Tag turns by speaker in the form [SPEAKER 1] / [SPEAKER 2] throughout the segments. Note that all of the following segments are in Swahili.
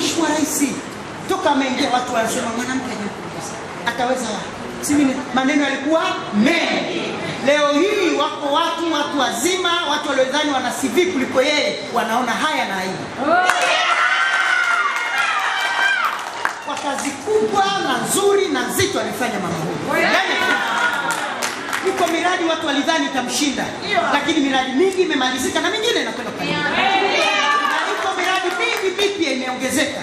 [SPEAKER 1] Mheshimiwa Rais toka ameingia watu wanasema mwanamke ataweza Si maneno yalikuwa mengi. Leo hii wako watu watu wazima, watu waliodhani wana CV kuliko yeye, wanaona haya na hii kwa kazi kubwa na nzuri na nzito alifanya mama huyu huko miradi watu walidhani itamshinda, lakini miradi mingi imemalizika na mingine inakwenda kwa mingi mipya imeongezeka.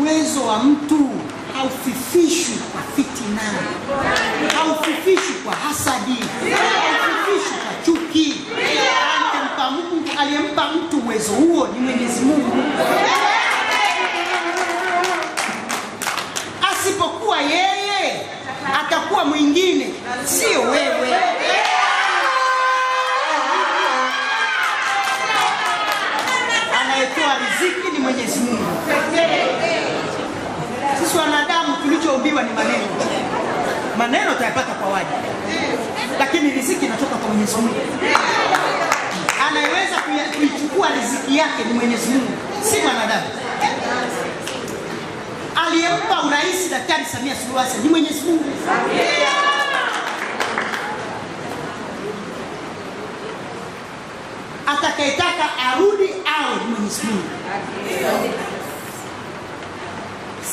[SPEAKER 1] Uwezo wa mtu haufifishwi kwa fitina, haufifishwi kwa hasadi, haufifishwi kwa chuki. Aliyempa Mungu mtu uwezo huo ni Mwenyezi Mungu. kuliwa ni maneno, maneno utayapata kwa waja, lakini riziki inatoka kwa Mwenyezi Mungu. Anayeweza kuichukua riziki yake ni Mwenyezi Mungu, si mwanadamu. Aliyempa urahisi Daktari Samia suluhasa ni Mwenyezi Mungu. Atakayetaka arudi awe ni Mwenyezi Mungu.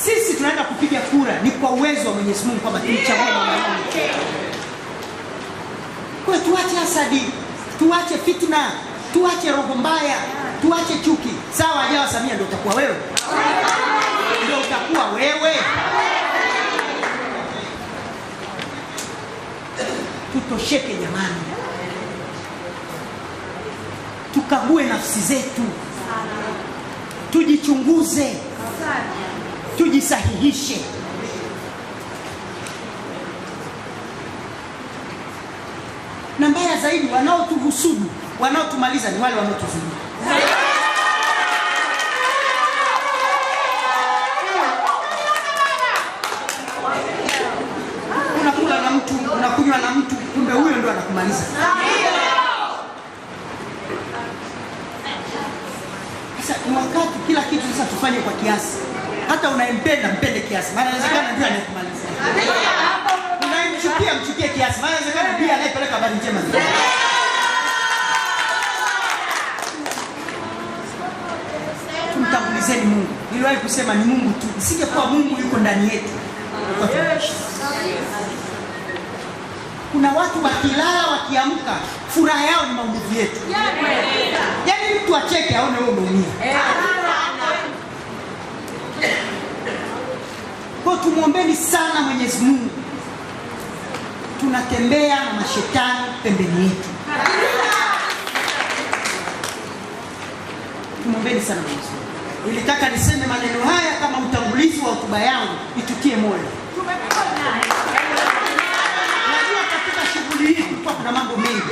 [SPEAKER 1] Sisi tunaenda kupiga ni kwa uwezo wa Mwenyezi Mungu kwamba tumchagua mwanamke. Kwa hiyo tuache hasadi, tuache fitna, tuache roho mbaya, tuache chuki. Sawa, ajawa Samia ndio utakuwa wewe, ndio utakuwa wewe. Tutosheke jamani, tukague nafsi zetu, tujichunguze, tujisahihishe. na mbaya zaidi, wanaotuhusudu wanaotumaliza ni wale wanaotuvunia. Unakula na mtu, unakunywa na mtu, kumbe huyo ndo anakumaliza. Sasa wakati kila kitu sasa tufanye kwa kiasi, hata unaempenda mpende kiasi, maana inawezekana ndio anakumaliza. Unayemchukia mchukie kiasi, maana habari njema Tumtangulizeni Mungu. Niliwahi kusema ni Mungu tu, isingekuwa Mungu yuko ndani yetu. Kuna watu wakilala wakiamka, furaha yao ni maumivu yetu. Yaani mtu acheke aone wewe umeumia. Kwa tumwombeni sana Mwenyezi Mungu tunatembea na mashetani pembeni yetu. Tumwombeni sana Mwenyezi Mungu. Nilitaka niseme maneno haya kama utangulizi wa hotuba yangu itutie moyo. Najua katika shughuli hii kulikuwa kuna mambo mengi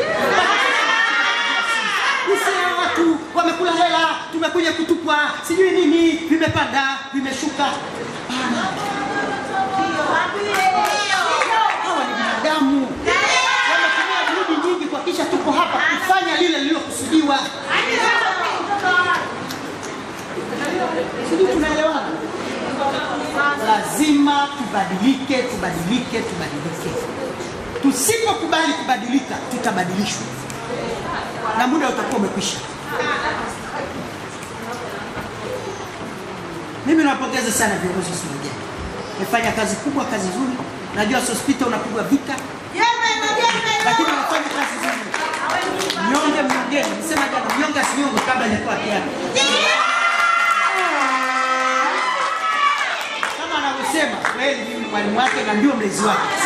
[SPEAKER 1] watu wamekula hela, tumekuja kutupwa, sijui nini vimepanda vimeshuka. lazima tubadilike, tubadilike, tubadilike. Tusipokubali kubadilika, tutabadilishwa na muda utakuwa umekwisha. Mimi nawapongeza sana viongozi wa Singojani, umefanya kazi kubwa, kazi nzuri. Najua sospita unapigwa vita, lakini nafanya kazi nzuri. Mnyonge mnyongeni, sema jana, mnyonge asinyonge kabla ya kuwa kiatu alisema kweli mimi mwalimu wake na ndio mlezi wake.